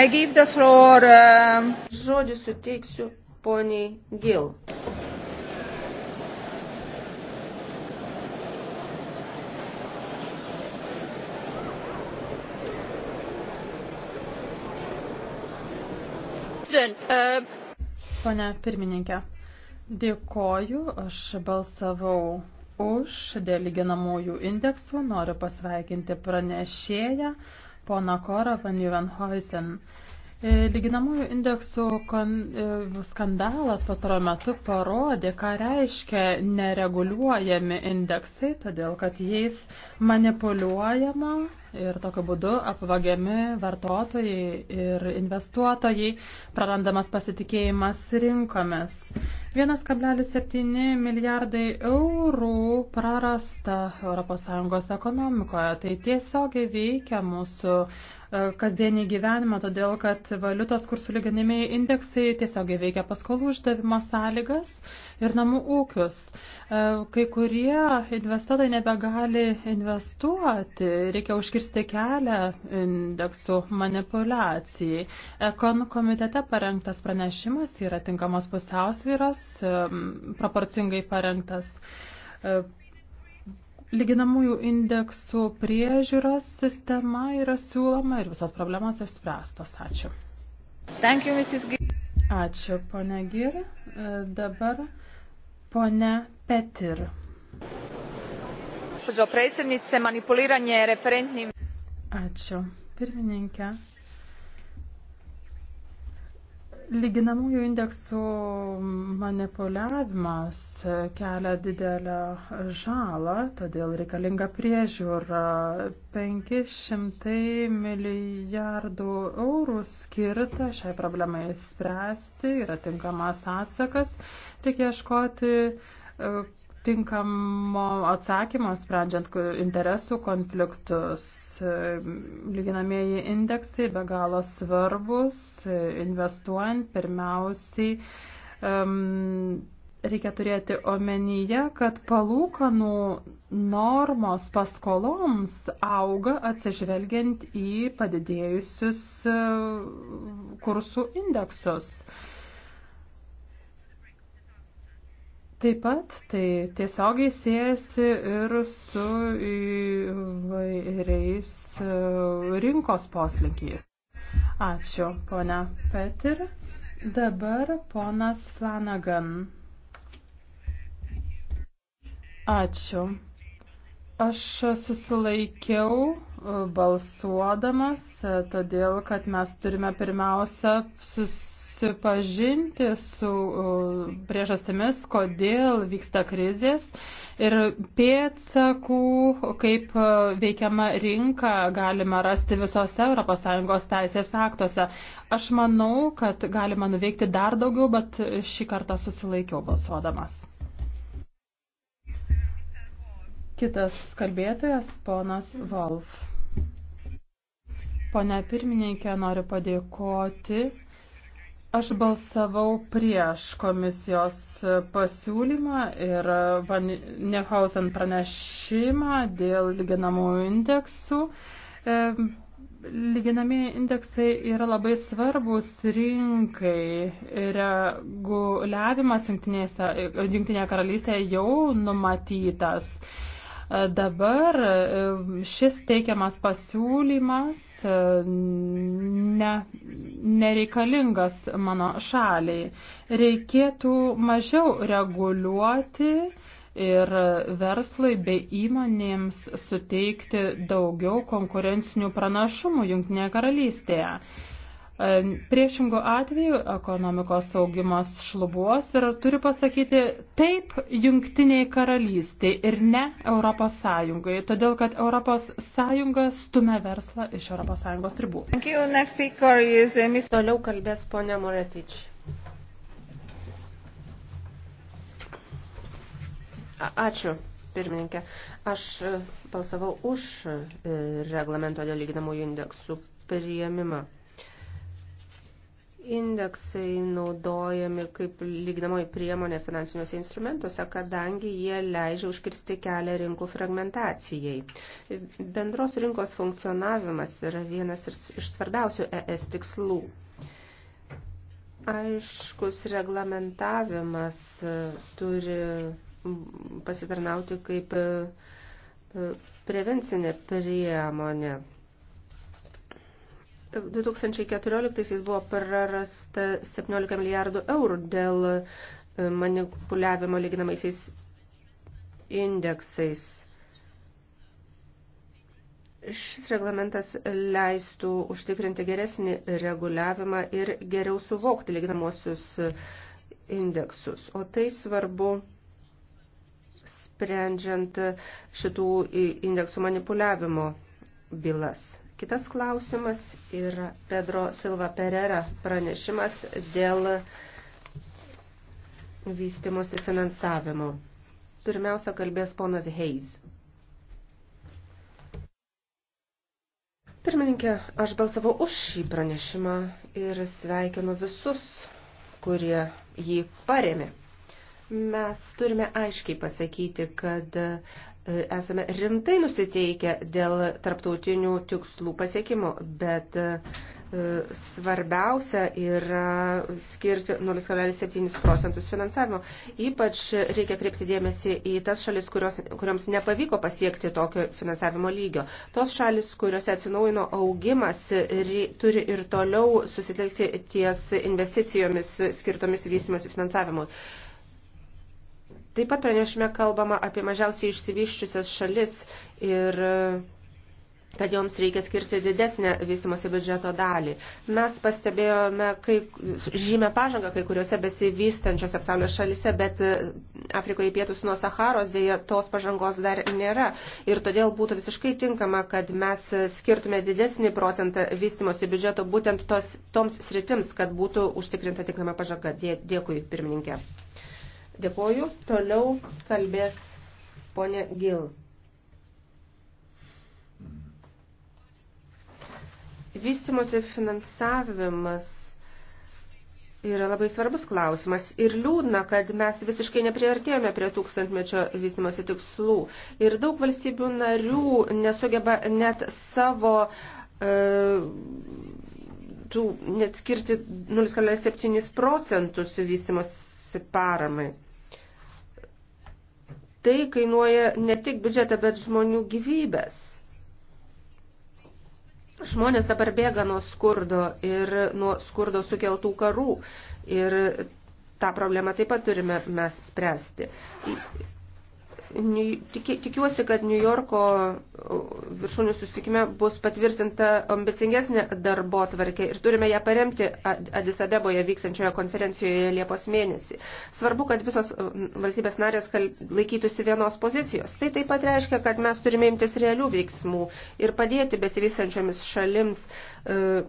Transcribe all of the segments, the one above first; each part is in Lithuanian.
I give the floor. Um... Žodį suteiksiu poniai Gil. Pone pirmininkė, dėkoju, aš balsavau už dėl lyginamųjų indeksų, noriu pasveikinti pranešėją poną Korą, van Juvenhuisen. E, lyginamųjų indeksų e, skandalas pastaro metu parodė, ką reiškia nereguliuojami indeksai, todėl kad jais manipuliuojama ir tokiu būdu apvagiami vartotojai ir investuotojai, prarandamas pasitikėjimas rinkomis. 1,7 milijardai eurų prarasta ES ekonomikoje, tai tiesiogiai veikia mūsų E, kasdienį gyvenimą, todėl kad valiutos kursų lyginimiai indeksai tiesiog veikia paskolų išdavimo sąlygas ir namų ūkius. E, kai kurie investuotojai nebegali investuoti, reikia užkirsti kelią indeksų manipulacijai. Ekon komitete parengtas pranešimas yra tinkamos pusiausvyros, e, proporcingai parengtas lyginamųjų indeksų priežiūros sistema yra siūloma ir visas problemas išspręstos. Ačiū. Thank you, Mrs. G Ačiū, ponia Gir. E, dabar ponia Petir. Gospođo predsjednice, manipuliranje referentnim... Ačiū, pirmininkė. Lyginamųjų indeksų manipuliavimas kelia didelę žalą, todėl reikalinga priežiūra. 500 milijardų eurų skirta šiai problemai spręsti, yra tinkamas atsakas, reikia ieškoti tinkamo atsakymo sprendžiant interesų konfliktus. Lyginamieji indeksai be galo svarbus, investuojant pirmiausiai. Um, Reikia turėti omenyje, kad palūkanų normos paskoloms auga atsižvelgiant į padidėjusius e, kursų indeksus. Uh, Taip pat tai tiesiogiai siejasi ir su įvairiais e, rinkos poslinkiais. Ačiū, ponia Petir. Dabar ponas Flanagan. Ačiū. Aš susilaikiau e, balsuodamas, e, todėl kad mes turime pirmiausia sus susipažinti su priežastimis, kodėl vyksta krizės ir pėdsakų, kaip veikiama rinka galima rasti visose ES teisės aktuose. Aš manau, kad galima nuveikti dar daugiau, bet šį kartą susilaikiau balsuodamas. Kitas kalbėtojas, ponas Wolf. Pone pirmininkė, noriu padėkoti Aš balsavau prieš komisijos pasiūlymą ir Van Nehausen pranešimą dėl lyginamųjų indeksų. E, lyginamieji indeksai yra labai svarbus rinkai. Reguliavimas Junktinėje karalystėje jau numatytas. Dabar e, šis teikiamas pasiūlymas e, ne, nereikalingas mano šaliai. Reikėtų mažiau reguliuoti ir verslui bei įmonėms suteikti daugiau konkurencinių pranašumų Junktinėje karalystėje. Priešingų atveju ekonomikos augimas šlubuos ir turiu pasakyti taip jungtiniai karalystiai ir ne Europos Sąjungai, todėl kad Europos Sąjunga stumia verslą iš Europos Sąjungos ribų. Uh, Toliau kalbės ponia Moretič. Ačiū pirmininkė. Aš e, balsavau už e, reglamento dėl lyginamųjų indeksų priėmimą indeksai naudojami kaip lygdamoji priemonė finansiniuose instrumentuose, kadangi jie leidžia užkirsti kelią rinkų fragmentacijai. Bendros rinkos funkcionavimas yra vienas iš svarbiausių ES tikslų. Aiškus reglamentavimas e, turi pasitarnauti kaip e, e, prevencinė priemonė 2014 buvo prarasta 17 milijardų eurų dėl e, manipuliavimo lyginamaisiais indeksais. Šis reglamentas leistų užtikrinti geresnį reguliavimą ir geriau suvokti lyginamosius indeksus. O tai svarbu sprendžiant šitų indeksų manipuliavimo bylas. Kitas klausimas yra Pedro Silva Perera pranešimas dėl vystimosi finansavimo. Pirmiausia, kalbės ponas Hayes. Pirmininkė, aš balsavau už šį pranešimą ir sveikinu visus, kurie jį paremė. Mes turime aiškiai pasakyti, kad esame rimtai nusiteikę dėl tarptautinių tikslų pasiekimo, bet e, svarbiausia yra skirti 0,7 procentus finansavimo. Ypač reikia kreipti dėmesį į tas šalis, kurios, kuriams nepavyko pasiekti tokio finansavimo lygio. Tos šalis, kuriuose atsinaujino augimas, turi ir toliau susitelkti ties investicijomis skirtomis vystimas finansavimui. Taip pat pranešime kalbama apie mažiausiai išsivyščiusias šalis ir e, kad joms reikia skirti didesnę vystimosi biudžeto dalį. Mes pastebėjome kai, žymę pažangą kai kuriuose besivystančiose pasaulio šalise, bet e, Afrikoje pietus nuo Saharos dėja tos pažangos dar nėra. Ir todėl būtų visiškai tinkama, kad mes skirtume didesnį procentą vystimosi biudžeto būtent tos, toms sritims, kad būtų užtikrinta tinkama pažanga. Dėkui, pirmininkė. Dėkoju. Toliau kalbės ponė Gil. Vystimosi finansavimas yra labai svarbus klausimas ir liūdna, kad mes visiškai nepriartėjome prie tūkstantmečio vystimosi tikslų ir daug valstybių narių nesugeba net savo uh, tų net skirti 0,7 procentus vystimos skiriasi paramai. Tai kainuoja ne tik biudžetą, bet žmonių gyvybės. Žmonės dabar bėga nuo skurdo ir nuo skurdo sukeltų karų. Ir tą problemą taip pat turime mes spręsti. Tikiuosi, kad New Yorko viršūnių susitikime bus patvirtinta ambicingesnė darbo tvarkė ir turime ją paremti Adisabeboje vyksančioje konferencijoje Liepos mėnesį. Svarbu, kad visos valstybės narės laikytųsi vienos pozicijos. Tai taip pat reiškia, kad mes turime imtis realių veiksmų ir padėti besivystančiomis šalims uh,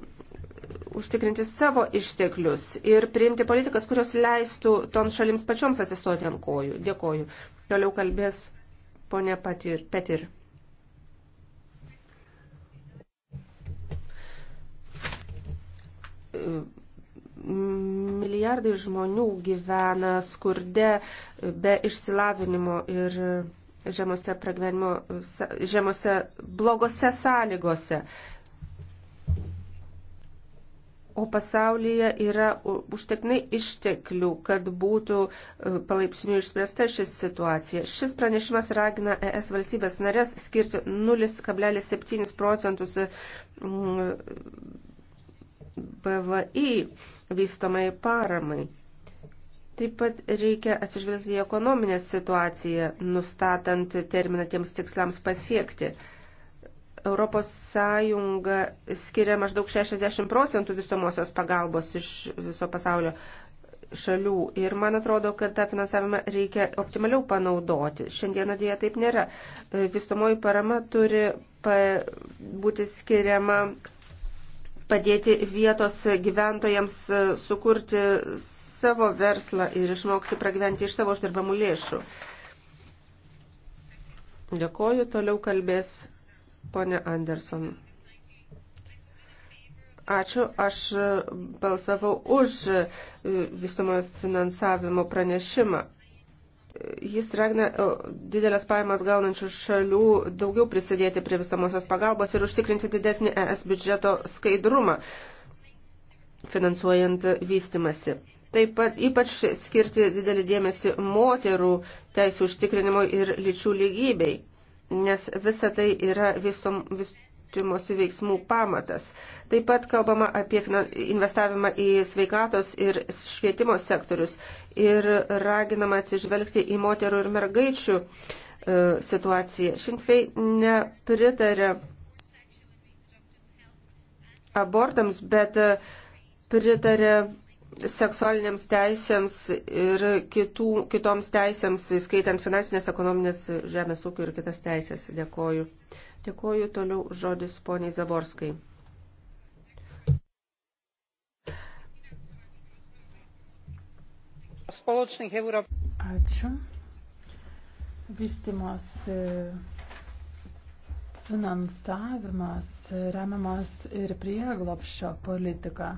užtikrinti savo išteklius ir priimti politikas, kurios leistų toms šalims pačioms atsistoti ant kojų. Dėkoju. Toliau kalbės ponė Patir. Petir. Milijardai žmonių gyvena skurde be išsilavinimo ir žemose, žemose blogose sąlygose. O pasaulyje yra užteknai išteklių, kad būtų e, palaipsniui išspręsta ši situacija. Šis pranešimas ragina ES valstybės narės skirti 0,7 procentus e, BVI vystomai paramai. Taip pat reikia atsižvelgti į ekonominę situaciją, nustatant terminą tiems tikslams pasiekti. Europos Sąjunga skiria maždaug 60 procentų visomosios pagalbos iš viso pasaulio šalių ir man atrodo, kad tą finansavimą reikia optimaliau panaudoti. Šiandieną dėja taip nėra. Visomoji parama turi pa, būti skiriama padėti vietos gyventojams sukurti savo verslą ir išmokti pragyventi iš savo uždirbamų lėšų. Dėkoju, toliau kalbės Pone Anderson. Ačiū, aš balsavau už e, visumo finansavimo pranešimą. Jis ragina e, didelės pajamas gaunančių šalių daugiau prisidėti prie visamosios pagalbos ir užtikrinti didesnį ES biudžeto skaidrumą, finansuojant vystimasi. Taip pat ypač skirti didelį dėmesį moterų teisų užtikrinimui ir lyčių lygybei nes visa tai yra visom, vis, vystimosi veiksmų pamatas. Taip pat kalbama apie investavimą į sveikatos ir švietimo sektorius ir raginama atsižvelgti į moterų ir mergaičių e, situaciją. Šinfei nepritarė abortams, bet e, pritarė seksualiniams teisėms ir kitų, kitoms teisėms, skaitant finansinės, ekonominės, žemės ūkio ir kitas teisės. Dėkoju. Dėkoju toliau žodis poniai Zaborskai. Spoločných Europ... Ačiū. Vystimos e, finansavimas remiamas ir prieglopščio politika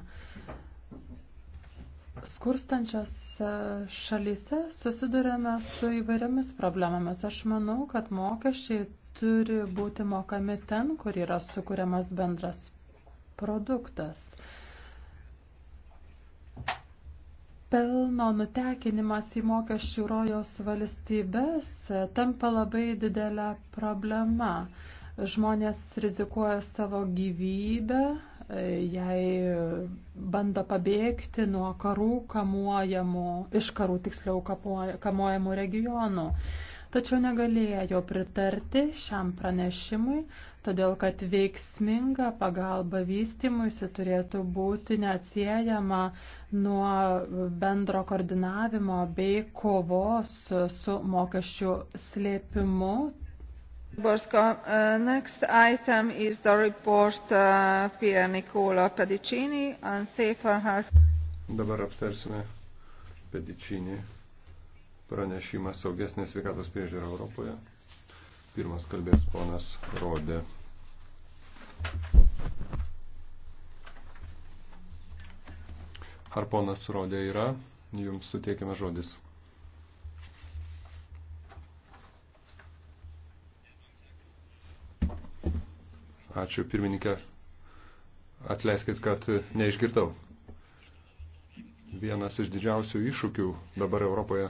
skurstančias šalyse susidurėme su įvairiomis problemomis. Aš manau, kad mokesčiai turi būti mokami ten, kur yra sukūriamas bendras produktas. Pelno nutekinimas į mokesčių rojos valstybės tampa labai didelė problema. Žmonės rizikuoja savo gyvybę, jei bando pabėgti nuo karų kamuojamų, iš karų tiksliau kamuojamų regionų. Tačiau negalėjo pritarti šiam pranešimui, todėl kad veiksminga pagalba vystimuisi turėtų būti neatsiejama nuo bendro koordinavimo bei kovos su mokesčių slėpimu Borsko. Uh, next item is the report uh, Pia Nicola Pedicini on safer house. Dabar aptarsime Pedicini pranešimą saugesnės sveikatos priežiūra Europoje. Pirmas kalbės ponas Rodė. Ar ponas Rodė yra? Jums suteikiame žodis. Ačiū pirmininkė. Atleiskit, kad neišgirdau. Vienas iš didžiausių iššūkių dabar Europoje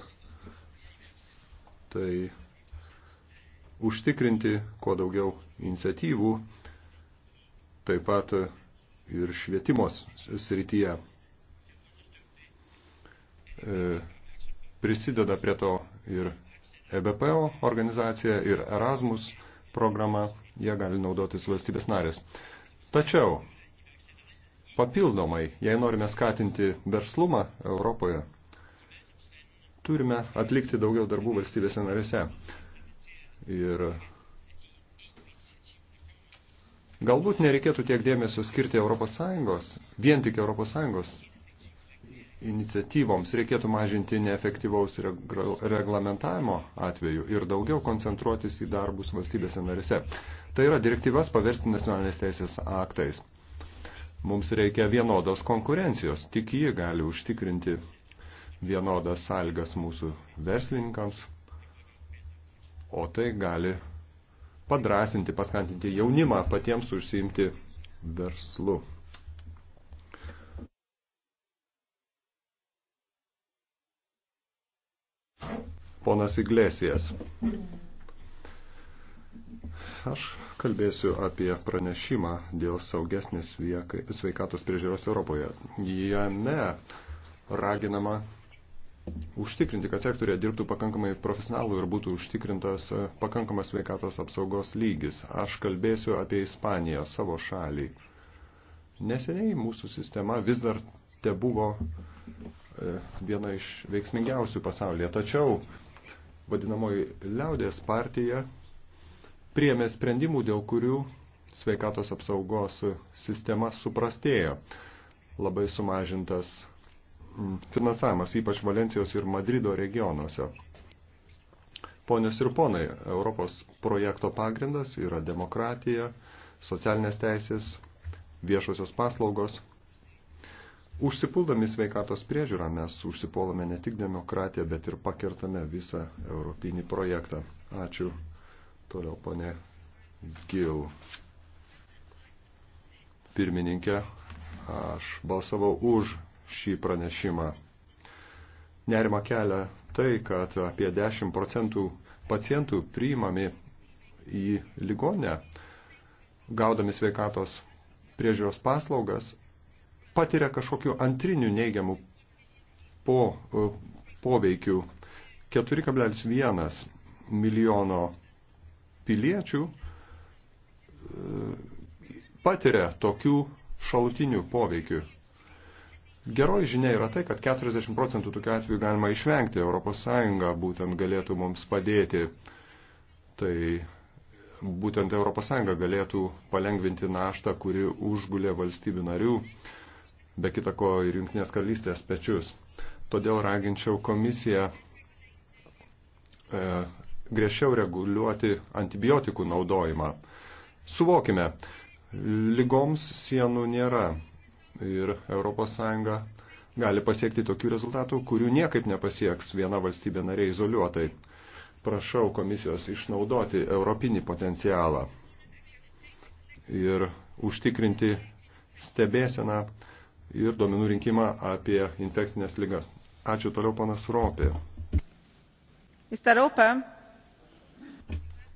tai užtikrinti kuo daugiau iniciatyvų, taip pat ir švietimos srityje e, prisideda prie to ir EBPO organizacija, ir Erasmus programa jie gali naudotis valstybės narės. Tačiau, papildomai, jei norime skatinti verslumą Europoje, turime atlikti daugiau darbų valstybėse narėse. Ir galbūt nereikėtų tiek dėmesio skirti ES, vien tik ES iniciatyvoms reikėtų mažinti neefektyvaus reglamentavimo atveju ir daugiau koncentruotis į darbus valstybėse narise. Tai yra direktyvas paversti nacionalinės teisės aktais. Mums reikia vienodos konkurencijos, tik ji gali užtikrinti vienodas sąlygas mūsų verslininkams, o tai gali padrasinti, paskantinti jaunimą patiems užsiimti verslu. Ponas Iglesijas. Aš kalbėsiu apie pranešimą dėl saugesnės sveikatos priežiūros Europoje. Jame raginama užtikrinti, kad sektorėje dirbtų pakankamai profesionalų ir būtų užtikrintas e, pakankamas sveikatos apsaugos lygis. Aš kalbėsiu apie Ispaniją, savo šalį. Neseniai mūsų sistema vis dar te buvo e, viena iš veiksmingiausių pasaulyje, tačiau vadinamoji liaudės partija priemė sprendimų, dėl kurių sveikatos apsaugos sistema suprastėjo. Labai sumažintas mm, finansavimas, ypač Valencijos ir Madrido regionuose. Ponios ir ponai, Europos projekto pagrindas yra demokratija, socialinės teisės, viešosios paslaugos. Užsipuldami sveikatos priežiūrą mes užsipuolame ne tik demokratiją, bet ir pakertame visą europinį projektą. Ačiū. Toliau, ponė Gil. Pirmininkė, aš balsavau už šį pranešimą. Nerima kelia tai, kad apie 10 procentų pacientų priimami į ligonę, gaudami sveikatos priežiūros paslaugas, patiria kažkokiu antriniu neigiamu po, e, poveikiu 4,1 milijono piliečių e, patiria tokių šalutinių poveikių. Geroji žinia yra tai, kad 40 procentų tokių atvejų galima išvengti. ES būtent galėtų mums padėti. Tai būtent ES galėtų palengvinti naštą, kuri užgulė valstybių narių, be kitako ir Junktinės karalystės pečius. Todėl raginčiau komisiją e, griežčiau reguliuoti antibiotikų naudojimą. Suvokime, lygoms sienų nėra ir ES gali pasiekti tokių rezultatų, kurių niekaip nepasieks viena valstybė narė izoliuotai. Prašau komisijos išnaudoti europinį potencialą ir užtikrinti stebėseną ir duomenų rinkimą apie infekcinės lygas. Ačiū toliau, panas Ropė. Mr. Rope,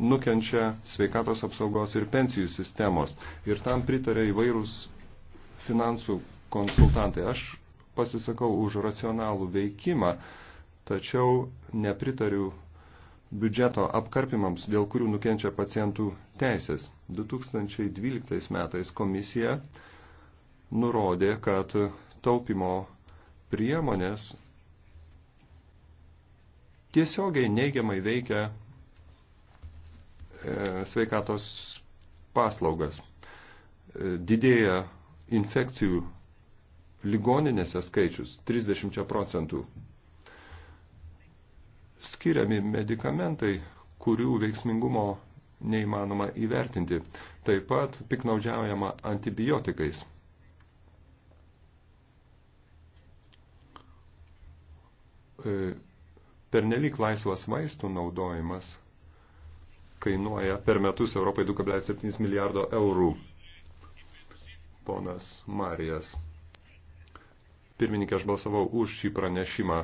nukenčia sveikatos apsaugos ir pensijų sistemos. Ir tam pritarė įvairūs finansų konsultantai. Aš pasisakau už racionalų veikimą, tačiau nepritariu biudžeto apkarpimams, dėl kurių nukenčia pacientų teisės. 2012 metais komisija nurodė, kad taupimo priemonės tiesiogiai neigiamai veikia E, sveikatos paslaugas. E, didėja infekcijų ligoninėse skaičius 30 procentų. Skiriami medikamentai, kurių veiksmingumo neįmanoma įvertinti. Taip pat piknaudžiaujama antibiotikais. E, pernelyg laisvas vaistų naudojimas kainuoja per metus Europai 2,7 milijardo eurų. Ponas Marijas. Pirmininkė, aš balsavau už šį pranešimą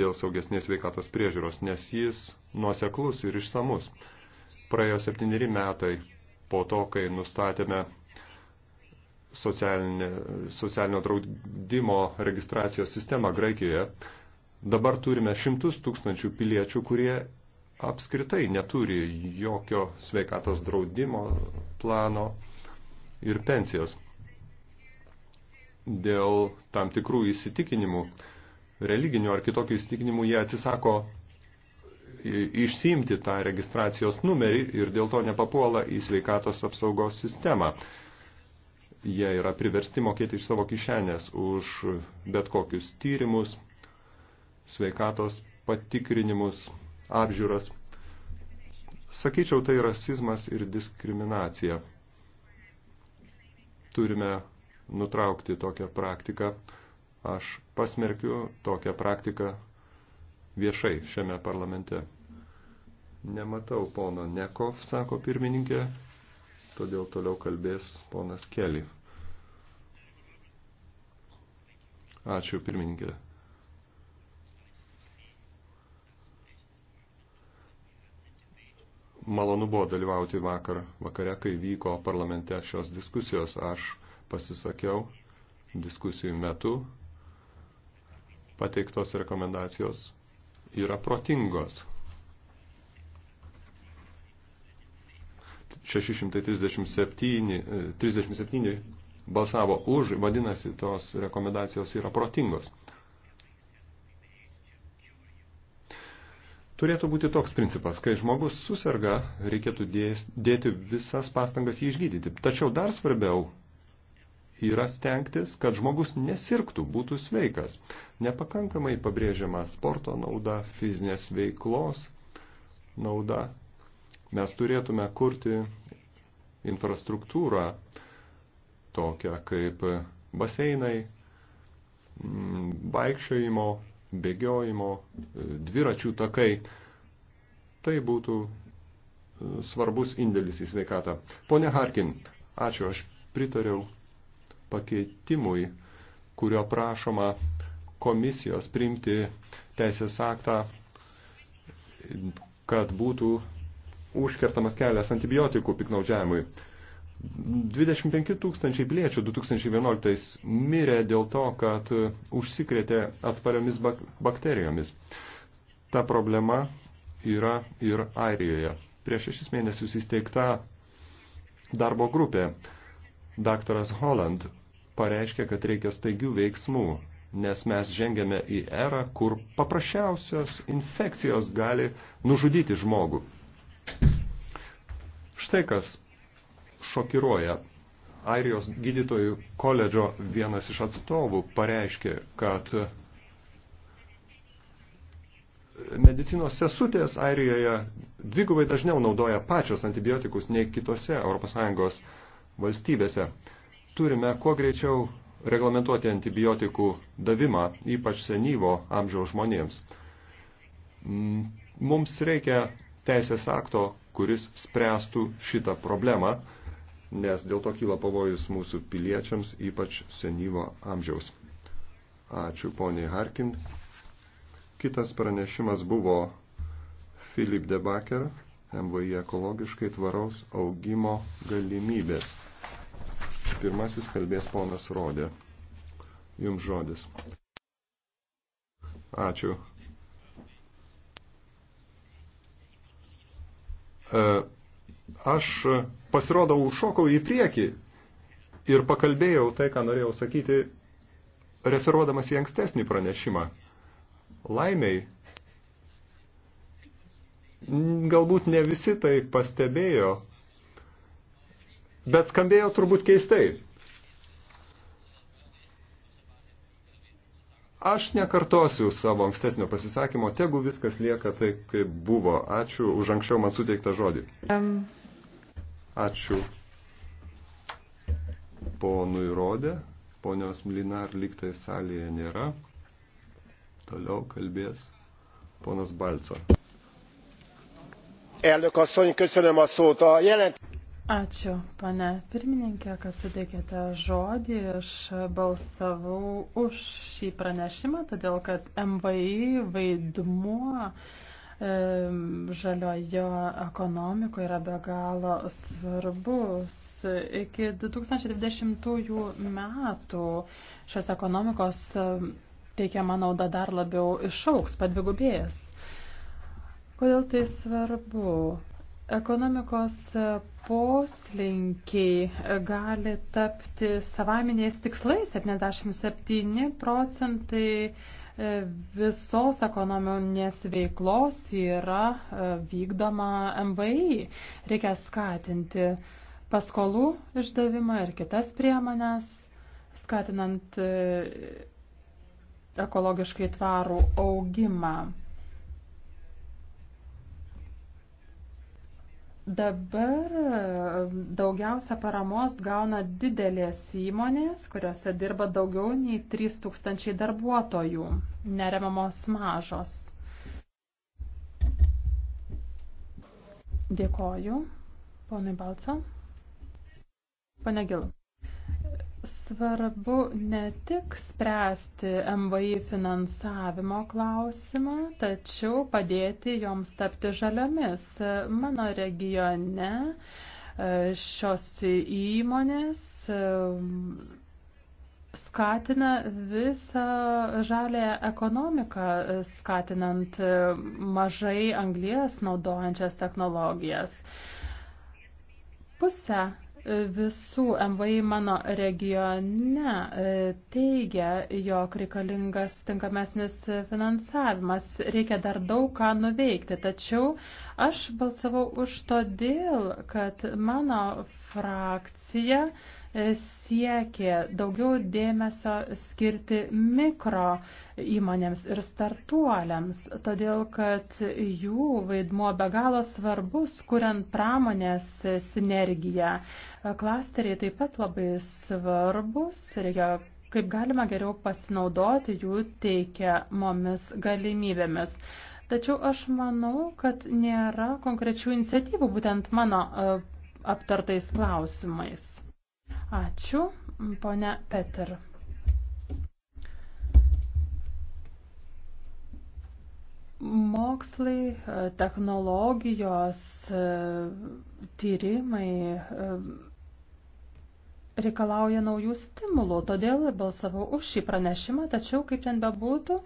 dėl saugesnės veikatos priežiūros, nes jis nuoseklus ir išsamus. Praėjo septyneri metai po to, kai nustatėme socialinio draudimo registracijos sistemą Graikijoje, Dabar turime šimtus tūkstančių piliečių, kurie apskritai neturi jokio sveikatos draudimo plano ir pensijos. Dėl tam tikrų įsitikinimų, religinių ar kitokių įsitikinimų, jie atsisako išsiimti tą registracijos numerį ir dėl to nepapuola į sveikatos apsaugos sistemą. Jie yra priversti mokėti iš savo kišenės už bet kokius tyrimus, sveikatos patikrinimus, apžiūras. Sakyčiau, tai rasizmas ir diskriminacija. Turime nutraukti tokią praktiką. Aš pasmerkiu tokią praktiką viešai šiame parlamente. Nematau pono Nekov, sako pirmininkė, todėl toliau kalbės ponas Keli. Ačiū pirmininkė. malonu buvo dalyvauti vakar vakare, kai vyko parlamente šios diskusijos. Aš pasisakiau diskusijų metu. Pateiktos rekomendacijos yra protingos. 637 37 balsavo už, vadinasi, tos rekomendacijos yra protingos. Turėtų būti toks principas, kai žmogus susirga, reikėtų dėti visas pastangas jį išgydyti. Tačiau dar svarbiau yra stengtis, kad žmogus nesirgtų, būtų sveikas. Nepakankamai pabrėžiama sporto nauda, fizinės veiklos nauda. Mes turėtume kurti infrastruktūrą tokią kaip baseinai, vaikščiojimo bėgiojimo, e, dviračių takai. Tai būtų e, svarbus indėlis į sveikatą. Pone Harkin, ačiū, aš pritariau pakeitimui, kurio prašoma komisijos priimti teisės aktą, kad būtų užkertamas kelias antibiotikų piknaudžiavimui. 25 tūkstančiai piliečių 2011 mirė dėl to, kad užsikrėtė atspariomis bak bakterijomis. Ta problema yra ir Airijoje. Prieš šešis mėnesius įsteigta darbo grupė. Daktaras Holland pareiškė, kad reikia staigių veiksmų, nes mes žengėme į erą, kur paprasčiausios infekcijos gali nužudyti žmogų. Štai kas šokiruoja. Airijos gydytojų koledžo vienas iš atstovų pareiškė, kad medicinos sesutės Airijoje dvigubai dažniau naudoja pačios antibiotikus nei kitose ES valstybėse. Turime kuo greičiau reglamentuoti antibiotikų davimą, ypač senyvo amžiaus žmonėms. Mums reikia teisės akto, kuris spręstų šitą problemą nes dėl to kyla pavojus mūsų piliečiams, ypač senyvo amžiaus. Ačiū poniai Harkin. Kitas pranešimas buvo Filip de Baker, MVI ekologiškai tvaraus augimo galimybės. Pirmasis kalbės ponas Rodė. Jums žodis. Ačiū. E, aš e, pasirodau užšokau į priekį ir pakalbėjau tai, ką norėjau sakyti, referuodamas į ankstesnį pranešimą. Laimiai, galbūt ne visi tai pastebėjo, bet skambėjo turbūt keistai. Aš nekartosiu savo ankstesnio pasisakymo, tegu viskas lieka taip, kaip buvo. Ačiū už anksčiau man suteiktą žodį. Ačiū ponui Rodė. Ponios Mlinar liktai salėje nėra. Toliau kalbės ponas Balco. Elnök asszony, köszönöm a szót. A jelent... Ačiū, pane pirmininkė, kad suteikėte žodį. Aš balsavau už šį pranešimą, todėl kad MVI vaidmuo žaliojo ekonomikoje yra be galo svarbus. Iki 2020 metų šios ekonomikos teikiama nauda dar labiau išauks, padvigubėjęs. Kodėl tai svarbu? Ekonomikos poslinkiai gali tapti savaminiais tikslais. 77 procentai e, visos ekonominės veiklos yra e, vykdoma MVI. Reikia skatinti paskolų išdavimą ir kitas priemonės, skatinant e, ekologiškai tvarų augimą. Dabar daugiausia paramos gauna didelės įmonės, kuriuose dirba daugiau nei 3000 darbuotojų, neremamos mažos. Dėkoju, ponui Balca. Pane Gilu. Svarbu ne tik spręsti MVI finansavimo klausimą, tačiau padėti joms tapti žaliomis. Mano regione e, šios įmonės e, skatina visą žalę ekonomiką, e, skatinant mažai anglijas naudojančias technologijas. Pusę visų MVI mano regione e, teigia, jog reikalingas tinkamesnis finansavimas. Reikia dar daug ką nuveikti, tačiau aš balsavau už todėl, kad mano frakcija uh, siekė daugiau dėmesio skirti mikro įmonėms ir startuoliams, todėl kad jų vaidmuo be galo svarbus, kuriant pramonės sinergiją. Klasteriai taip pat labai svarbus, reikia kaip galima geriau pasinaudoti jų teikiamomis galimybėmis. Tačiau aš manau, kad nėra konkrečių iniciatyvų būtent mano e, aptartais klausimais. Ačiū, ponia Peter. Mokslai, technologijos, tyrimai reikalauja naujų stimulų, todėl balsavau už šį pranešimą, tačiau kaip ten bebūtų,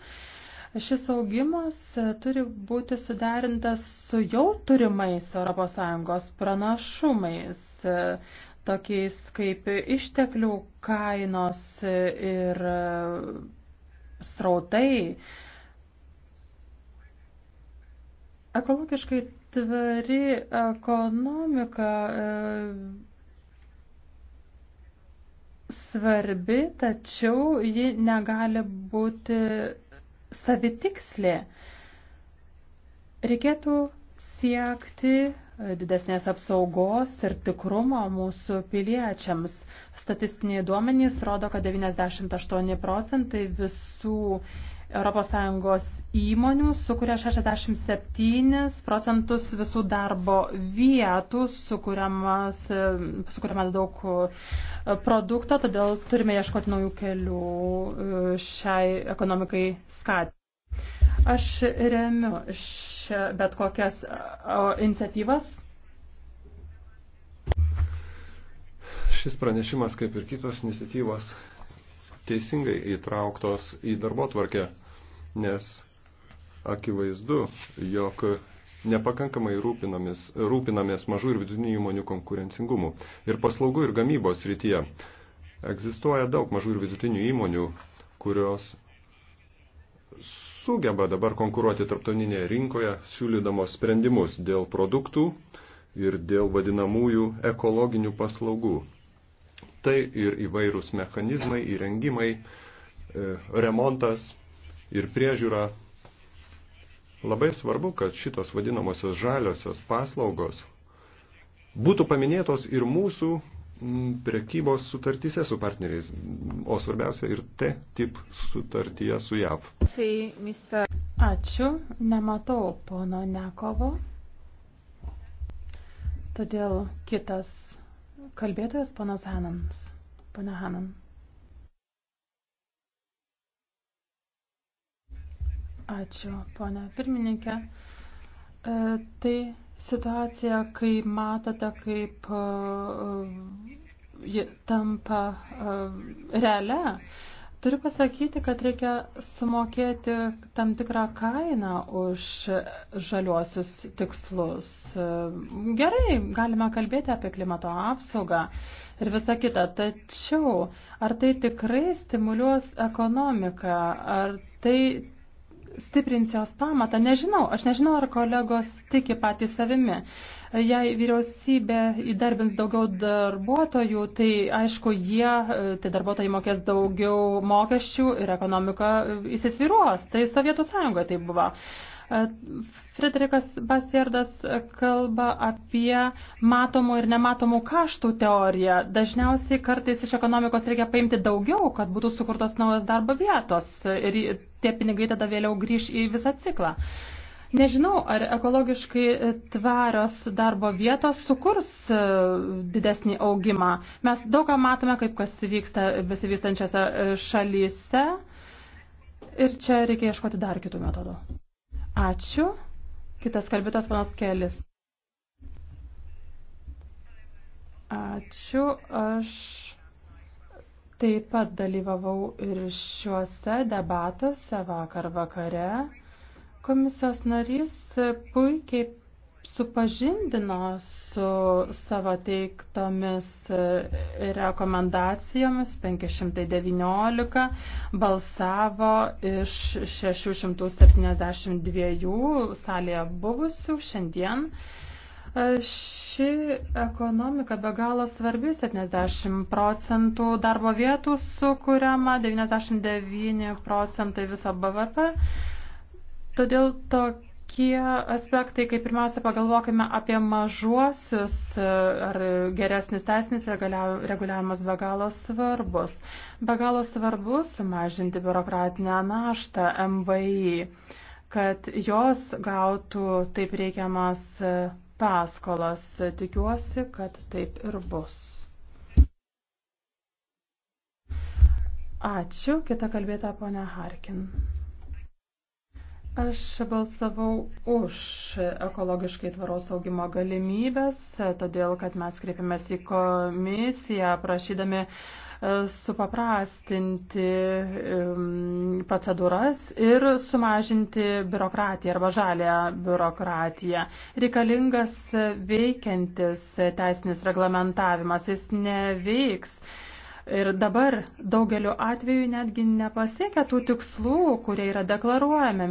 šis augimas turi būti suderintas su jau turimais ES pranašumais tokiais kaip išteklių kainos ir e, srautai. Ekologiškai tvari ekonomika e, svarbi, tačiau ji negali būti savitikslė. Reikėtų siekti didesnės apsaugos ir tikrumo mūsų piliečiams. Statistiniai duomenys rodo, kad 98 procentai visų ES įmonių sukuria 67 procentus visų darbo vietų, sukuriama daug e, produkto, todėl turime ieškoti naujų kelių e, šiai ekonomikai skatinti. Aš remiu čia bet kokias iniciatyvas? Šis pranešimas, kaip ir kitos iniciatyvos, teisingai įtrauktos į darbo tvarkę, nes akivaizdu, jog nepakankamai rūpinamės, rūpinamės mažų ir vidutinių įmonių konkurencingumu. Ir paslaugų ir gamybos rytyje egzistuoja daug mažų ir vidutinių įmonių, kurios sugeba dabar konkuruoti tarptautinėje rinkoje, siūlydamos sprendimus dėl produktų ir dėl vadinamųjų ekologinių paslaugų. Tai ir įvairūs mechanizmai, įrengimai, e, remontas ir priežiūra. Labai svarbu, kad šitos vadinamosios žaliosios paslaugos būtų paminėtos ir mūsų prekybos sutartyse su partneriais, o svarbiausia ir T-tip sutartyje su JAV. Ačiū, nematau pono Nekovo, todėl kitas kalbėtojas ponas Hanans. Pana Hanan. Ačiū, ponia pirmininkė. E, tai situaciją, kai matote, kaip e, ji tampa e, realia. Turiu pasakyti, kad reikia sumokėti tam tikrą kainą už žaliuosius tikslus. E, gerai, galime kalbėti apie klimato apsaugą ir visą kitą, tačiau ar tai tikrai stimuliuos ekonomiką, ar tai stiprins jos pamatą. Nežinau, aš nežinau, ar kolegos tiki patys savimi. Jei vyriausybė įdarbins daugiau darbuotojų, tai aišku, jie, tai darbuotojai mokės daugiau mokesčių ir ekonomika įsisviruos. Tai Sovietų sąjungoje tai buvo. Frederikas Bastierdas kalba apie matomų ir nematomų kaštų teoriją. Dažniausiai kartais iš ekonomikos reikia paimti daugiau, kad būtų sukurtos naujos darbo vietos ir tie pinigai tada vėliau grįž į visą ciklą. Nežinau, ar ekologiškai tvarios darbo vietos sukurs e, didesnį augimą. Mes daugą matome, kaip kas vyksta besivystančiose šalyse ir čia reikia ieškoti dar kitų metodų. Ačiū. Kitas kalbėtas panas Kelis. Ačiū. Aš taip pat dalyvavau ir šiuose debatuose vakar vakare. Komisijos narys puikiai supažindino su savo teiktomis e, rekomendacijomis 519 balsavo iš 672 salėje buvusių šiandien. E, ši ekonomika be galo svarbi, 70 procentų darbo vietų sukuriama, 99 procentai viso BVP. Todėl tokia tokie aspektai, kaip pirmiausia pagalvokime apie mažuosius, ar geresnis teisinis reguliavimas be galo svarbus. Be galo svarbu sumažinti biurokratinę naštą MVI, kad jos gautų taip reikiamas paskolas. Tikiuosi, kad taip ir bus. Ačiū. Kita kalbėta ponia Harkin. Aš balsavau už ekologiškai tvaros augimo galimybės, todėl kad mes kreipiamės į komisiją prašydami e, supaprastinti procedūras ir sumažinti biurokratiją arba žalę biurokratiją. Reikalingas veikiantis teisinis reglamentavimas, jis neveiks Ir dabar daugeliu atveju netgi nepasiekia tų tikslų, kurie yra deklaruojami.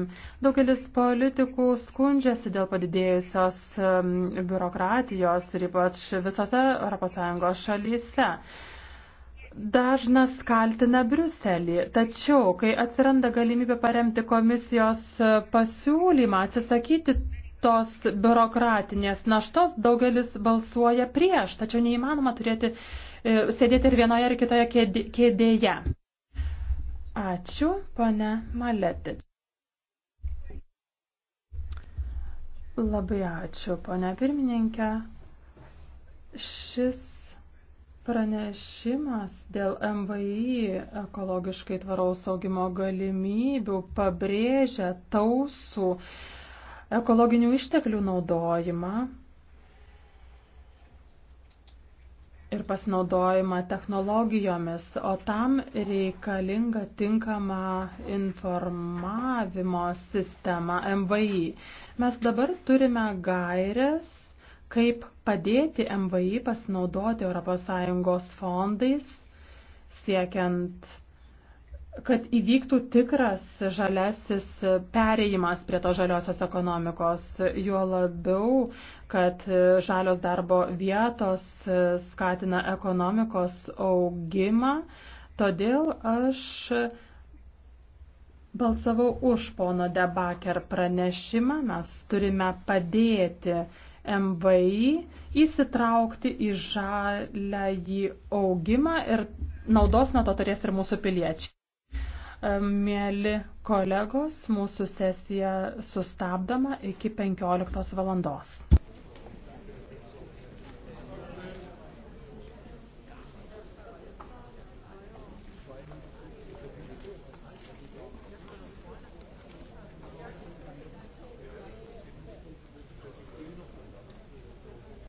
Daugelis politikų skundžiasi dėl padidėjusios biurokratijos ir ypač visose ES šalyse. Dažnas kaltina Briuselį, tačiau, kai atsiranda galimybė paremti komisijos pasiūlymą atsisakyti tos biurokratinės naštos, daugelis balsuoja prieš, tačiau neįmanoma turėti E, sėdėti ir vienoje ir kitoje kėdėje. Ačiū, pane Maletič. Labai ačiū, pane pirmininkė. Šis Pranešimas dėl MVI ekologiškai tvaraus augimo galimybių pabrėžia tausų ekologinių išteklių naudojimą, ir pasinaudojimą technologijomis, o tam reikalinga tinkama informavimo sistema MVI. Mes dabar turime gairias, kaip padėti MVI pasinaudoti ES fondais, siekiant kad įvyktų tikras žalesis perėjimas prie to žaliosios ekonomikos, juo labiau, kad žalios darbo vietos skatina ekonomikos augimą. Todėl aš balsavau už pono Debaker pranešimą. Mes turime padėti MVI įsitraukti į žalę jį augimą ir naudos nuo to turės ir mūsų piliečiai. Mėly kolegos, mūsų sesija sustabdoma iki 15 valandos.